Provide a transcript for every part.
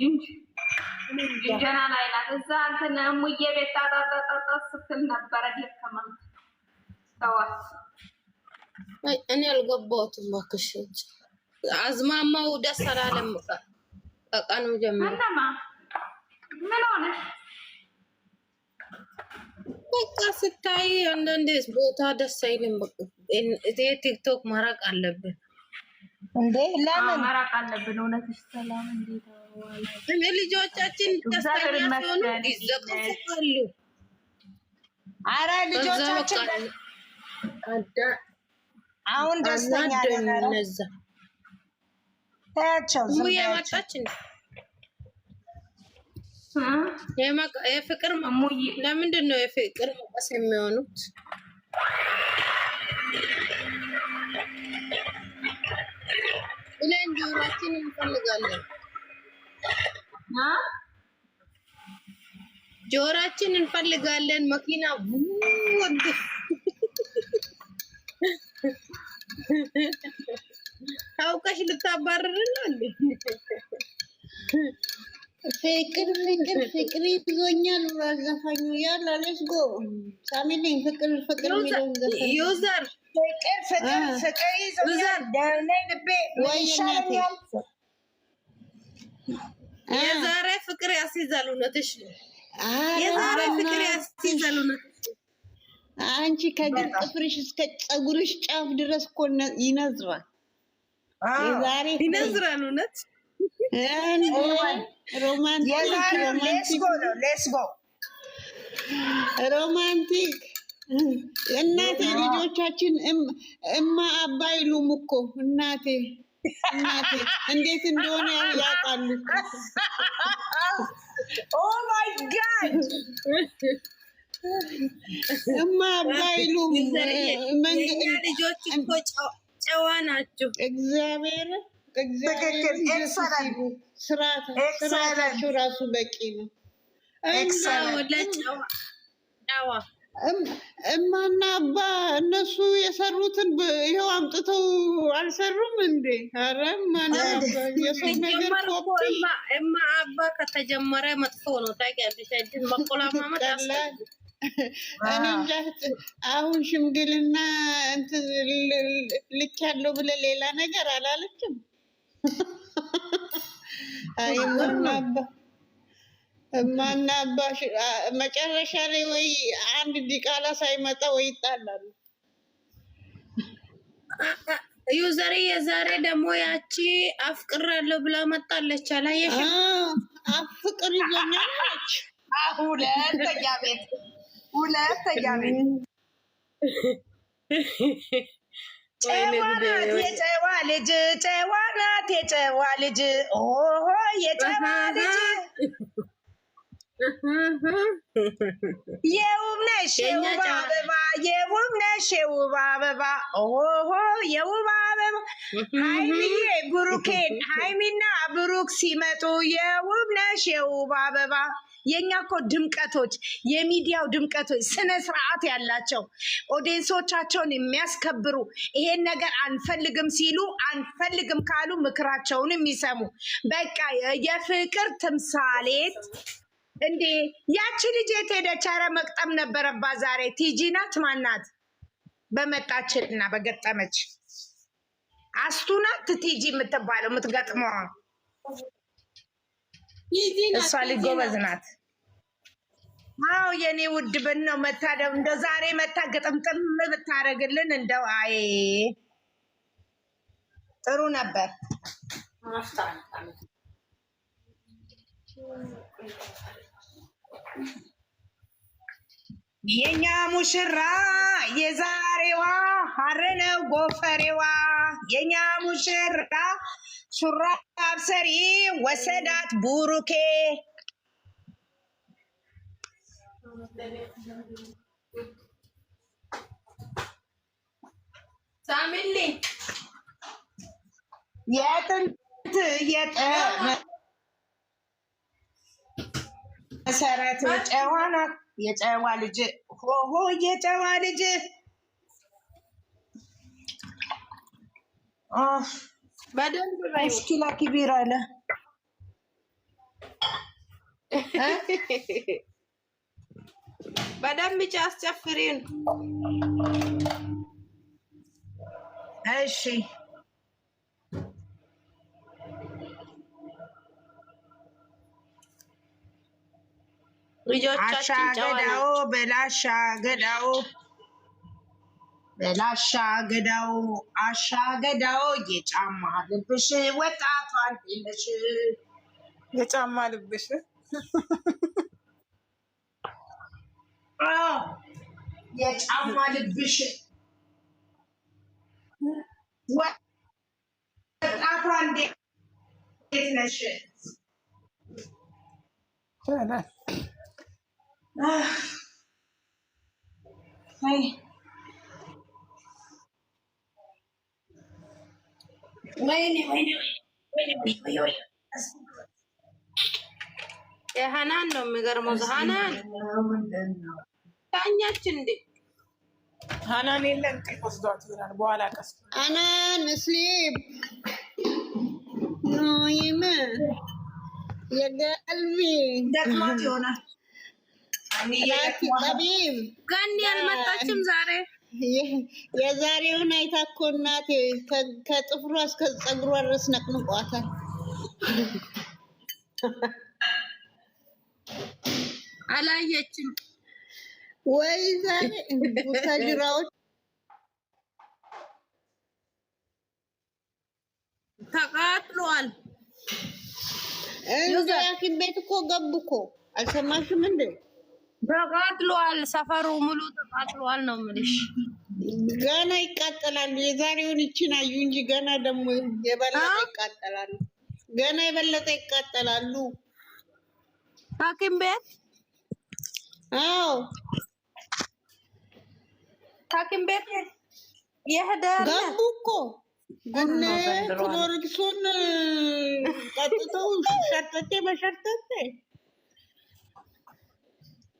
ጅንጀና ላይ ናት። እዛ እንትን እሙዬ ቤት ጣጣጣጣ ስትል ነበረ። ደከመንክ ተዋት። እኔ አልገባሁትም እባክሽ። አዝማማው ደስ አላለም። ቀኑ ጀመረ። ምን ሆነሽ? በቃ ስታይ አንዳንድ ቦታ ደስ አይልም። ቲክቶክ መራቅ አለብን እንዴ? ለምን መራቅ አለብን? እውነትሽ ሰላም እንዴት ልጆቻችን ደስተኛ ሲሆኑ ይዘቀዝቃሉ። አረ ልጆቻችን አሁን ደስተኛ የፍቅር ለምንድን ነው የፍቅር መቀስ የሚሆኑት? ብለን እንፈልጋለን። ጆራችን እንፈልጋለን። መኪና ወግ አውቀሽ ልታባረርን አለ። ፍቅር ፍቅር ፍቅር ይዞኛል ዘፋኙ ያለ አለች ጎ ሳሚ ነኝ። ፍቅር ፍቅር ዩዘር ፍቅር ፍቅር ፍቅር ይዞኛል ደህና ልቤ ይሻለኛል የዛሬ ፍቅር ያስይዛል። እውነትሽ የዛሬ ፍቅር ያስይዛል። እውነትሽ አንቺ ከግር ጥፍርሽ እስከ ፀጉርሽ ጫፍ ድረስ እኮ ይነዝራል። የዛሬ ይነዝራል። እውነት ሮማንቲክ እናቴ ልጆቻችን እማ አባ ይሉም እኮ እናቴ እንዴት እንደሆነ ያውቃሉ። ኦ ማይ ጋድ እማ ባይሉ ልጆች እኮ ጨዋ ናቸው። እግዚአብሔር ስርዓታቸው ራሱ በቂ ነው። እማና አባ እነሱ የሰሩትን ይኸው አምጥተው አልሰሩም እንዴ? ኧረ እማ አባ ከተጀመረ መጥፎ ነው። ታውቂያለሽ፣ እጅን እኔ እንጃ። አሁን ሽምግልና እንትን ልክ ያለው ብለህ ሌላ ነገር አላለችም። አይ እማና አባ ማናባሽ መጨረሻ ላይ ወይ አንድ ዲቃላ ሳይመጣ ወይ ይጣላሉ። ዩዘሬ የዛሬ ደግሞ ያቺ አፍቅራለሁ ብላ መጣለች። አላየሽ? አፍቅር ይዞኛል አለች። ሁለተኛ ቤት ሁለተኛ ቤት ጨዋ ልጅ ጨዋ ናት። የጨዋ ልጅ ሆሆ የጨዋ ልጅ የውብ ነሽ የውብ አበባ የውብ ነሽ የውብ አበባ ኦሆ የውብ አበባ ሀይሚዬ ብሩኬን ሀይሚና ብሩክ ሲመጡ የውብ ነሽ የውብ አበባ። የእኛ እኮ ድምቀቶች የሚዲያው ድምቀቶች ስነ ስርዓት ያላቸው ኦዲየንሶቻቸውን የሚያስከብሩ ይሄን ነገር አንፈልግም ሲሉ አንፈልግም ካሉ ምክራቸውን የሚሰሙ በቃ የፍቅር ትምሳሌት እንዴ ያቺ ልጅ የት ሄደች? ኧረ መቅጠም ነበረባት ዛሬ። ቲጂ ናት ማናት? በመጣችልና በገጠመች አስቱ ናት ቲጂ የምትባለው የምትገጥመዋ እሷ ልጅ ጎበዝ ናት። አዎ የኔ ውድ ብን ነው መታደው እንደ ዛሬ መታ ግጥምጥም ብታደርግልን እንደው አይ ጥሩ ነበር። የኛ ሙሽራ የዛሬዋ ሀረነው ጎፈሬዋ የኛ ሙሽራ ሹራብ ሰሪ ወሰዳት ቡሩኬ ሳሚሊ የጥንት የጠ መሰረት የጨዋ ናት። የጨዋ ልጅ ሆሆ የጨዋ ልጅ በደንብ ሙሽኪላ ኪቢር አለ በደንብ ጫ አስጨፍሪን። እሺ ልጆቻችን አሻገዳው በላሻ ገዳው በላሻ ገዳው አሻ ገዳው የጫማ ልብሽ ወጣቷ አንቴነሽ የጫማ ልብሽ የጫማ ልብሽ ወጣቷ እንዴት ነሽ? ወይኔ የሀናን ነው የሚገርመው። ሀናን ታኛች እንዴ? ሀናን የለን ወስዷት ይሆናል በኋላ ቀስ ሀናን እስሊም ኖይም የገልቢ ደክማት ይሆናል ጠቢብ ጋኒ አልመጣችም ዛሬ። የዛሬውን አይታ እኮ እናቴ ከጥፍሯ እስከ ፀጉሯ ድረስ ነቅንቋታል። አላየችም ወይ ዛሬ ቡታጅራዎች ተቃጥሏል። እንደ ሐኪም ቤት እኮ ገቡ እኮ አልሰማሽም እንዴ? ተቃጥሏል። ሰፈሩ ሙሉ ተቃጥሏል ነው የምልሽ። ገና ይቃጠላሉ። የዛሬውን ይችን አዩ እንጂ ገና ደግሞ የበለጠ ይቃጠላሉ። ገና የበለጠ ይቃጠላሉ። ሐኪም ቤት አዎ፣ ሐኪም ቤት የሄደ ገቡ እኮ እነ ክሎሮክሱን ቀጥተው ሸርተቴ መሸርተቴ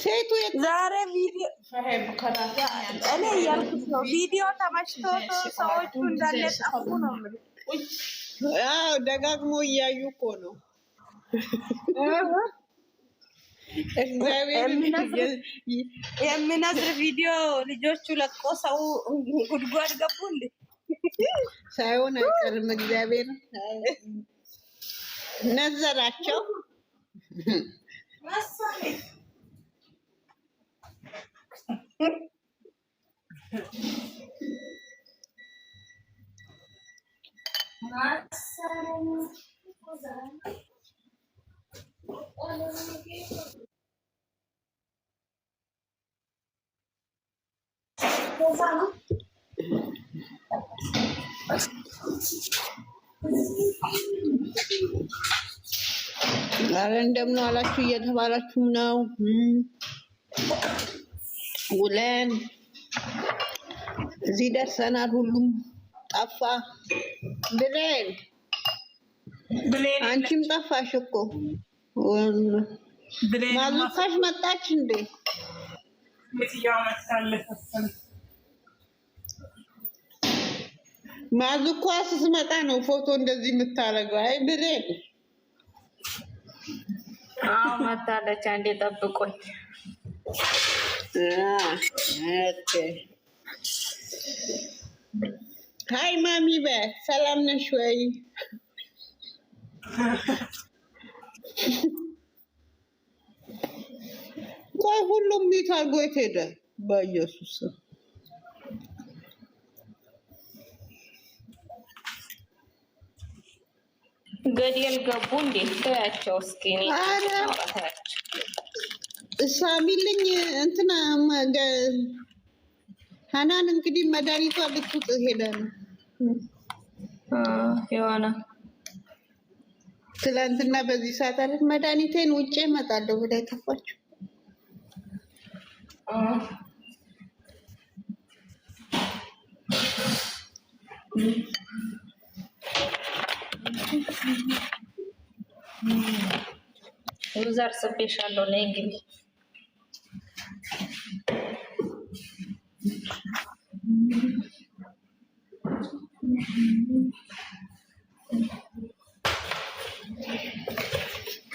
ሴቱ ዛሬ እኔ እያልኩት ነው። ቪዲዮ ተመችቶ ሰዎቹ እንዳለ ጠፉ ነው የምልህ። ደጋግሞ እያዩ እኮ ነው። የሚነዝር ቪዲዮ ልጆቹ ለቆ ሰው ጉድጓድ ገቡ። እንደ ሳይሆን አይቀርም። እግዚአብሔር ነዘራቸው። አረ እንደምን ዋላችሁ እየተባላችሁም ነው። ውለን እዚህ ደርሰናል። ሁሉም ጠፋ ብሌን አንቺም ጠፋሽ እኮ ማዙካሽ መጣች እንዴ? ማዙኳ ስትመጣ ነው ፎቶ እንደዚህ የምታደርገው። አይ ብሌን አዎ መታለች። አንዴ ጠብቆኝ ሀይ ማሚ በ ሰላም ነሽ ወይ? ቆይ ሁሉም ሚት አድርጎ የት ሄደ? በኢየሱስ ገደል ገቡ እንዴ? ተያቸው እስኪ እሷ ሚልኝ እንትና ሀናን እንግዲህ መድኃኒቷ ልትውጥ ሄደ ነው የሆነ ትላንትና በዚህ ሰዓት አለት መድኃኒቴን ውጭ እመጣለሁ ብላ የጠፋችው ዩዘር ስፔሻል ነው እንግዲህ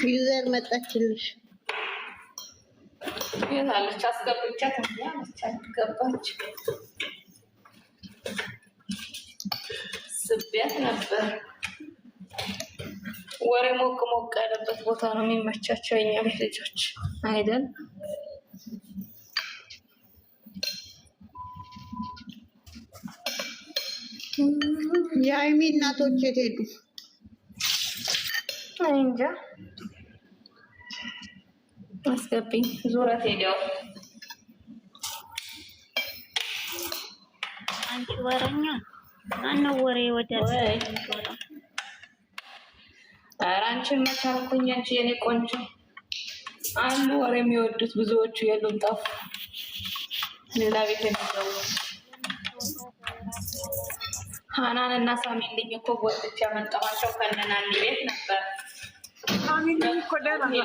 ዩዘር መጣችልሽ። ይላለች አስገብቻት ገባች። ስቢያት ነበር። ወሬ ሞቅ ሞቅ ያለበት ቦታ ነው የሚመቻቸው የኛ ቤት ልጆች አይደል? የአይሚ እናቶች የት ሄዱ? እንጃ። አስገብኝ ዙረት ሄደው አንቺ ወረኛ ማነው ወሬ ወዳል? ኧረ አንቺን መቻልኩኝ። አንቺ የኔ ቆንጆ አሉ ወሬ የሚወዱት ብዙዎቹ የሉም፣ ጠፉ ሌላ ቤት የሚገቡ ሀናን እና ሳሚን ልኝ እኮ ጎትች ያመጣኋቸው ከነናን ቤት ነበር። ሳሚን ልኝ እኮ ደህና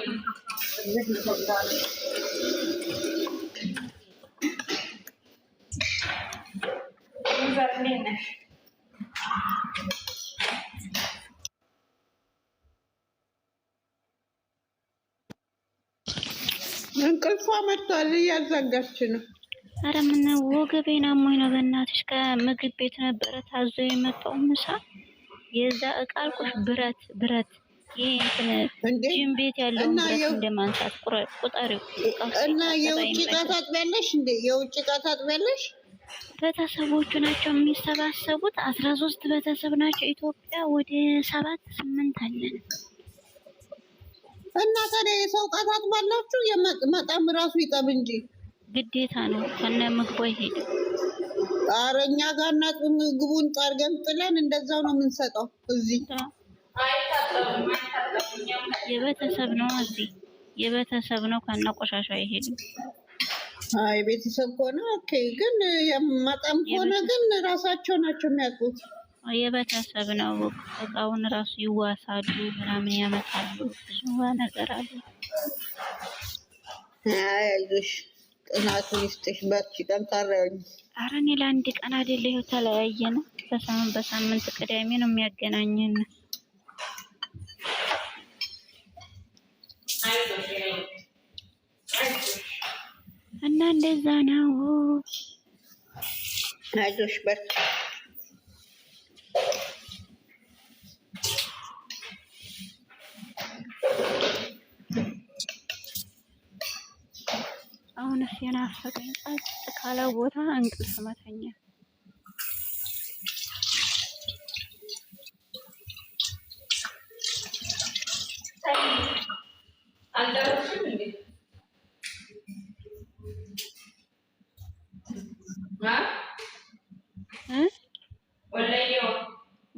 እንቅልፏ መቷል፣ እያዛጋች ነው። አረ ምን ወገቤን አሞኝ ነው በእናትሽ። ከምግብ ቤት ነበረ ታዞ የመጣው ምሳ የዛ እቃ አልኩሽ። ብረት ብረት ይሄ ቤት ያለው ብረት እንደማንሳት ቁጠሪው። እና የውጭ እቃ ታጥቢያለሽ እንዴ? የውጭ እቃ ታጥቢያለሽ? ቤተሰቦቹ ናቸው የሚሰባሰቡት። አስራ ሶስት ቤተሰብ ናቸው ኢትዮጵያ። ወደ ሰባት ስምንት አለን። እና ታዲያ የሰው እቃ ታጥባላችሁ? ራሱ ይጠብ እንጂ ግዴታ ነው። ከነ ምግቡ አይሄድም። ኧረ እኛ ጋር እና ምግቡን ጠርገን ጥለን እንደዛው ነው የምንሰጠው። እዚህ የቤተሰብ ነው፣ እዚህ የቤተሰብ ነው። ከነ ቆሻሻ አይሄድም። አይ ቤተሰብ ከሆነ ኦኬ፣ ግን የማጣም ከሆነ ግን ራሳቸው ናቸው የሚያውቁት። የቤተሰብ ነው። እቃውን ራሱ ይዋሳሉ፣ ምናምን ያመጣሉ፣ ብዙ ነገር አሉ። አይ አይዞሽ ቅናቱ ይስጥሽ፣ በርቺ፣ ጠንካራ ያኝ። ኧረ እኔ ለአንድ ቀን አይደለ ይኸው ተለያየን። በሳምንት በሳምንት ቅዳሜ ነው የሚያገናኘን። እና እንደዛ ነው። አይዞሽ፣ በርቺ አሁንስ የናፈቀኝ ጸጥ ካለ ቦታ እንቅልፍ መተኛ።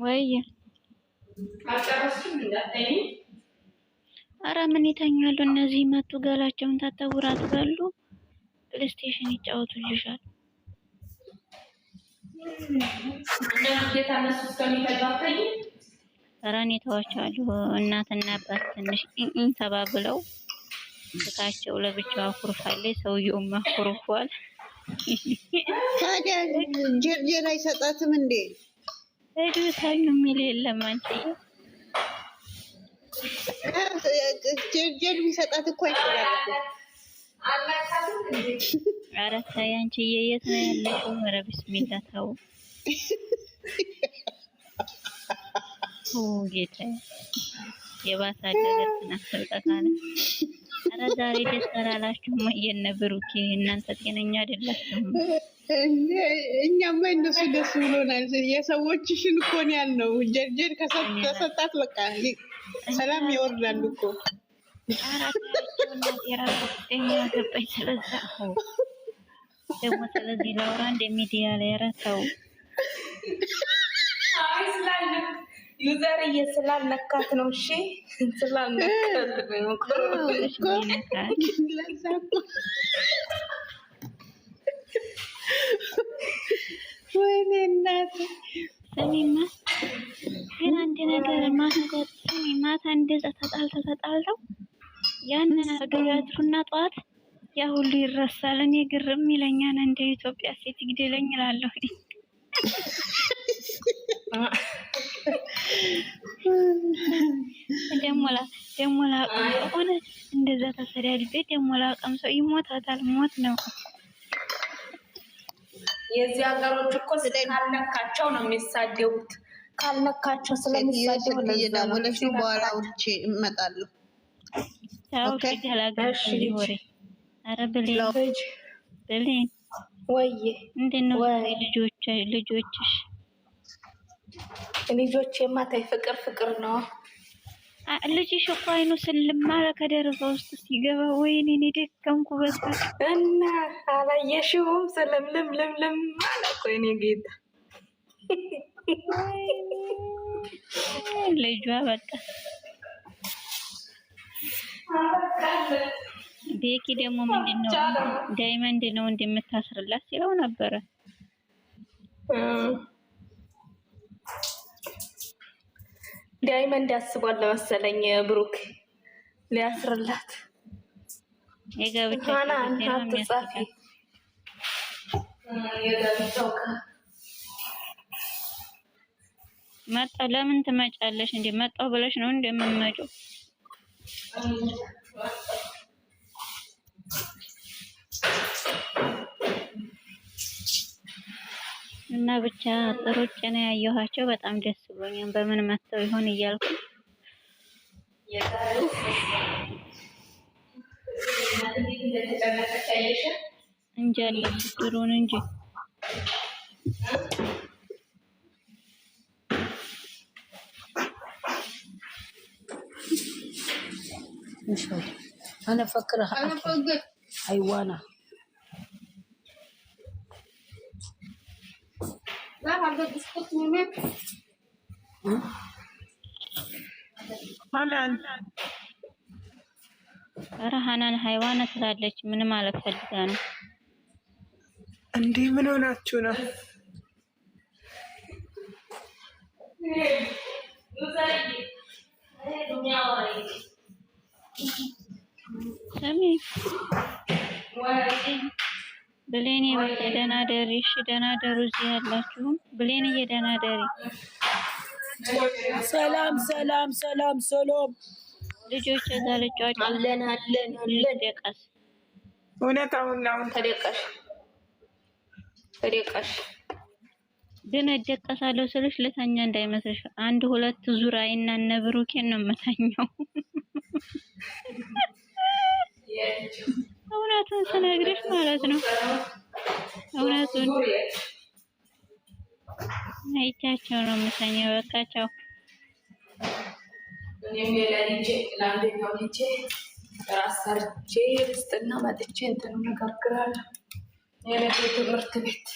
ወይ አረ ምን ይተኛሉ እነዚህ? መጡ ገላቸውን ታጠቡ፣ እራት በሉ። ፕሌስቴሽን ይጫወቱልሻል። ኧረ እኔ ተዋቸዋለሁ። እናትና አባት ትንሽ ኢን ተባብለው ስካቸው ለብቻው አኩርፋለች። ሰውየውም አኩርፏል። ታዲያ ጀርጀር አይሰጣትም እንዴ? ታኙ የሚል የለም አንቺዬ ጀርጀር ቢሰጣት እኮ አይችላል ኧረ ተይ አንቺዬ፣ የት ነው ያለሽው? ኧረ ቢስሚላ ተው ጌታዬ። የባሰ አደረግ ትናሰልጠታለ። ኧረ ዛሬ ደስ አላላችሁም? እየነ ብሩኬ፣ እናንተ ጤነኛ አይደላችሁም። እኛማ እነሱ ደስ ብሎናል። የሰዎችሽን እኮ ነው ያልነው። ጀርጀር ተሰጣት በቃ ሰላም ይወርዳል እኮ ደግሞ ስለዚህ ላውራ እንደ ሚዲያ ላይ ረተው ዩዘር ስላልነካት ነው። እሺ ስላልነካት ወይኔ እናት ሰሚማ ግን አንድ ነገር ማታ እንደዛ ተጣልተው ተጣልተው ያንን ያድሩና ጠዋት ያ ሁሉ ይረሳል። እኔ ግርም ይለኛል። እንደ ኢትዮጵያ ሴት ይግደለኝ እላለሁ። ደሞላ ደሞላ ሆነ እንደዛ ተሰዳድቤ ደሞላ ቀም ሰው ይሞታታል። ሞት ነው። የዚህ ሀገሮች እኮ ስለካለካቸው ነው የሚሳደቡት። ካልነካቸው ስለሚሳደቡ ነው። እየደወለች ነው። በኋላ ውርቼ እመጣለሁ። ልጆች የማታይ ፍቅር ፍቅር ነው። ልጅሽ እኮ አይኑ ስልማለ ከደረባ ውስጥ ሲገባ ወይኔ እኔ ደከምኩ። በሳ እና አላየሽውም? ስለምልም ልምልም አለ እኮ የእኔ ጌታ ልጇ በቃ ቤኪ ደግሞ ምንድነው ዳይመንድ ነው እንደምታስርላት ሲለው ነበረ። ዳይመንድ አስቧል መሰለኝ ብሩክ ሊያስርላት የጋብቻ መጣ። ለምን ትመጫለሽ? እንደ መጣሁ ብለሽ ነው እንደምመጪው እና ብቻ ጥሩ ጭና ያየኋቸው በጣም ደስ ብሎኛል። በምን መጥተው ይሆን እያልኩ እንጃ አለ እንጂ مشهد أنا أفكرها أنا فوقك حيوانة لا هذا بسكوت منك ሀናን ኧረ ሀናን ሀይዋና ስላለች ምንም አለፈልጋ ነው። እንዲህ ምን ሆናችሁ ነው? ስሚ ብሌን የበለ ደህና ደሪ። እሺ ደህና ደሩ። እዚህ ያላችሁም ብሌን እየደህና ደሪ። ሰላም ሰላም ሰላም ሰሎም ልጆች እዛ ልጫወት አለን አለን አለን ደቀስ እውነት አሁን ተደቀሽ ተደቀሽ ግን እደቀሳለሁ ስልሽ ልተኛ እንዳይመስልሽ አንድ ሁለት ዙር አይና ነብሩኬን ነው የምተኛው። እውነቱን ስነግርሽ ማለት ነው። እውነቱን አይቻቸው ነው የምሰኘው። በቃቸው ራሳቼ ርስጥና መጥቼ እንትን ነጋግራለሁ። ትምህርት ቤት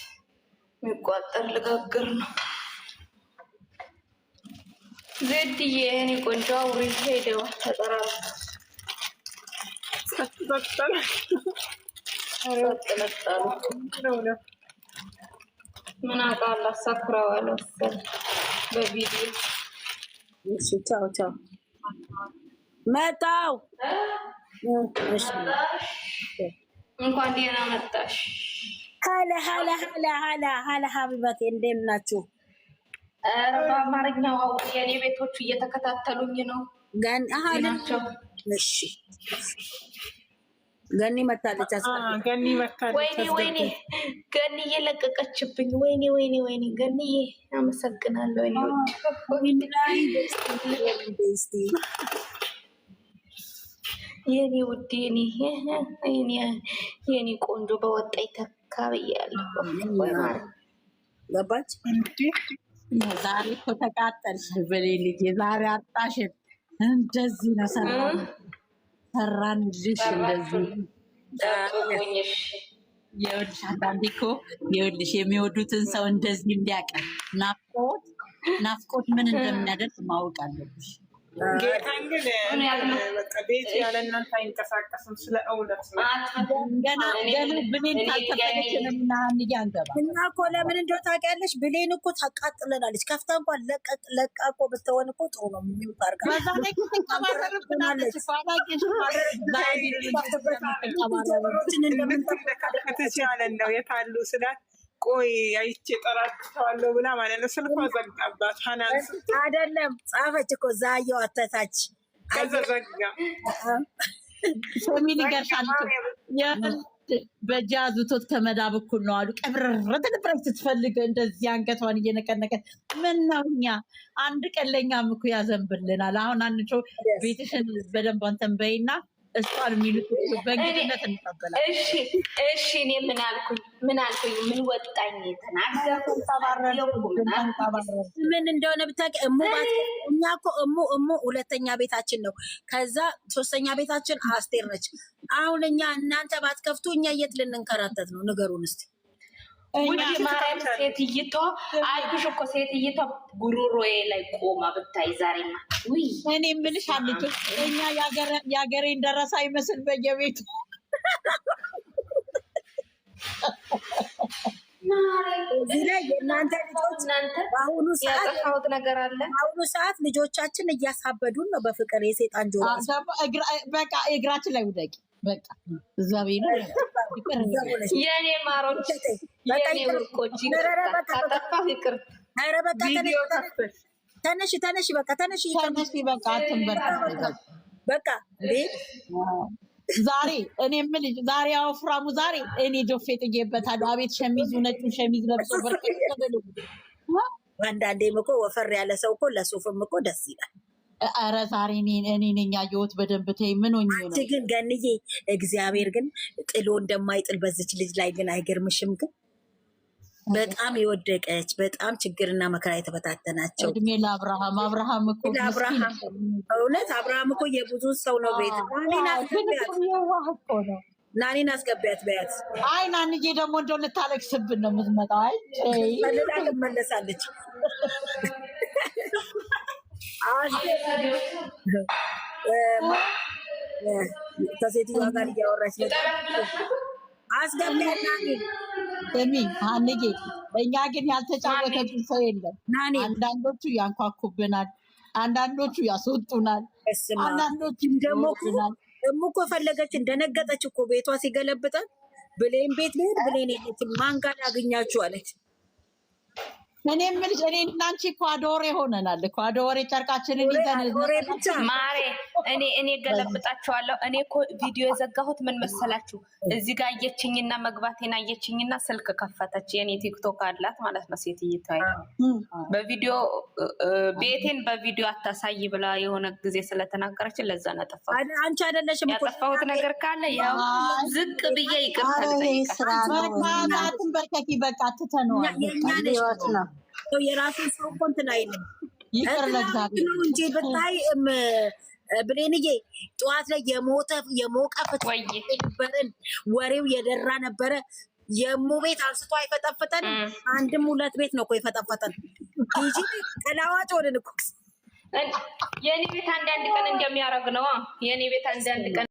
የሚቋጠር ልጋግር ነው። ዜድዬ የኔ ቆንጆ አውሪ ሄደው ተጠራሩ። ምን አውቃለሁ አሳኩራዋለሁ በቪዲዮ እሺ። ቻው ቻው። መጣው እንኳን ደህና መጣሽ። ሀላ ሀላ ሀላ ሀላ ሀላ ሀቢበቴ እንደምን ናችሁ? በአማርኛው አውሪ። የኔ ቤቶቹ እየተከታተሉኝ ነው። እሺ ገኒ መታለች። ገኒ መታለች። ወይኔ ወይኔ፣ ገኒ እየለቀቀችብኝ። ወይኔ ወይኔ ወይኔ፣ ገኒ አመሰግናለሁ። የኔ ውድ የኔ ቆንጆ በወጣ ይተካ ብያለሁ። ገባች ዛሬ እኮ ተቃጠልሽ በሌ ልጅ ዛሬ አጣሽን። እንደዚህ ነው ሰራ ሰራንልሽ። እንደዚህ የወልሽ አንዳንዴ እኮ የወልሽ የሚወዱትን ሰው እንደዚህ እንዲያቀር ናፍቆት ናፍቆት ምን እንደሚያደርግ ማወቅ አለብሽ። ቤት ያለ እናንተ አይንቀሳቀስም። ስለ እውነት እና እኮ ለምን እንደው ታውቂያለሽ፣ ብሌን እኮ ታቃጥለናለች። ከፍታ እንኳን ለቃ እኮ ብትሆን እኮ ጥሩ ነው። የሚውጣርጋለች ያለ ነው የታሉ ስላት ቆይ አይቼ ጠራቸዋለሁ ብላ ማለት ነው። ስልኳ ዘጋባት። ሀናንስ አይደለም ጻፈች እኮ ዛየው አተታች ከዛ ዘጋ በጃዝ ቶት ከመዳብ እኩል ነው አሉ። ቀብረረት ንብረት ስትፈልግ እንደዚህ አንገቷን እየነቀነቀ ምነው እኛ አንድ ቀን ለእኛም እኮ ያዘንብልናል። አሁን አንቺ ቤትሽን በደንብ አንተን በይና እሷን የሚሉት በእንግድነት እንቀበላል። እሺ እሺ። እኔ ምን አልኩኝ? ምን አልኩኝ? ምን ወጣኝ? ምን እንደሆነ ብታውቂ እሙ እኛ እኮ እሙ እሙ ሁለተኛ ቤታችን ነው። ከዛ ሶስተኛ ቤታችን አስቴር ነች። አሁን እኛ እናንተ ባትከፍቱ እኛ የት ልንንከራተት ነው? ንገሩን እስኪ ማርያም ሴትይቶ አይብሽ እኮ ጉሮሮዬ ላይ ቆማ ብታይ ዛሬማ። እኔ የምልሽ አልጆ እኛ የሀገሬን ደረሰ አይመስል በየቤቱ በአሁኑ ሰዓት ልጆቻችን እያሳበዱን ነው። በፍቅር የሴጣን ጆሮ በቃ እግራችን ላይ ውደቂ። በቃ እዛ ቤ የኔ ማሮች ተነሽ ተነሽ፣ በቃ ተነሽ ተነሽ፣ በቃ በቃ ዛሬ እኔ የምልሽ ዛሬ አወፍራሙ ዛሬ እኔ ጆፌ ጥጌበታለሁ። አቤት ሸሚዙ ነጩ ሸሚዝ ለብሶ በርከብሉ። አንዳንዴም እኮ ወፈር ያለ ሰው እኮ ለሱፍም እኮ ደስ ይላል። ኧረ ዛሬ እኔ ነኝ ያየሁት በደንብ። ተይ ምን ሆኜ ነው ግን ገንዬ፣ እግዚአብሔር ግን ጥሎ እንደማይጥል በዚች ልጅ ላይ ግን አይገርምሽም ግን በጣም የወደቀች በጣም ችግርና መከራ የተፈታተናቸው እድሜ ለአብርሃም አብርሃም እኮ እውነት አብርሃም እኮ የብዙ ሰው ነው። ቤት ናኒን አስገቢያት በያት። አይ ናንዬ ደግሞ እንደው ልታለቅስብን ነው የምትመጣው። አይ ፈልጋ ትመለሳለች። ከሴትዮዋ ጋር እያወራች ነው። አስገቢያት ናኒን ስሚ አንጌ፣ በእኛ ግን ያልተጫወተብን ሰው የለም። አንዳንዶቹ ያንኳኩብናል፣ አንዳንዶቹ ያስወጡናል፣ አንዳንዶቹ ይደሞናል። ደግሞ እኮ ፈለገች እንደነገጠች እኮ ቤቷ ሲገለብጠን ብሌን ቤት ልሄድ ብሌን የለችም ማን ጋር አለች። እኔ የምልሽ እኔ እናንቺ እኮ አዶሬ ሆነናል እኮ አዶሬ ጨርቃችንን ይዘን ማሬ እኔ እኔ ገለብጣቸዋለሁ። እኔ እኮ ቪዲዮ የዘጋሁት ምን መሰላችሁ? እዚህ ጋር አየችኝና መግባቴን አየችኝና ስልክ ከፈተች። የኔ ቲክቶክ አላት ማለት ነው ሴት እይታ በቪዲዮ ቤቴን በቪዲዮ አታሳይ ብላ የሆነ ጊዜ ስለተናገረች ለዛ ነጠፋ። አንቺ አይደለሽም ያጠፋሁት ነገር ካለ ያው ዝቅ ብዬ ይቅርታ ልጠይቃት። በቃ ትተነዋል ነው ሰው የራሱን ሰው እኮ እንትን አይልም። እንጂ ብታይ ብሌንዬ ጠዋት ላይ የሞተ የሞቀ ፍትወይ ነበርን፣ ወሬው የደራ ነበረ። የሙ ቤት አንስቶ አይፈጠፍጠን። አንድም ሁለት ቤት ነው እኮ የፈጠፈጠን እንጂ ተላዋጭ ሆንን እኮ የእኔ ቤት አንዳንድ ቀን እንደሚያደርግ ነው የእኔ ቤት አንዳንድ ቀን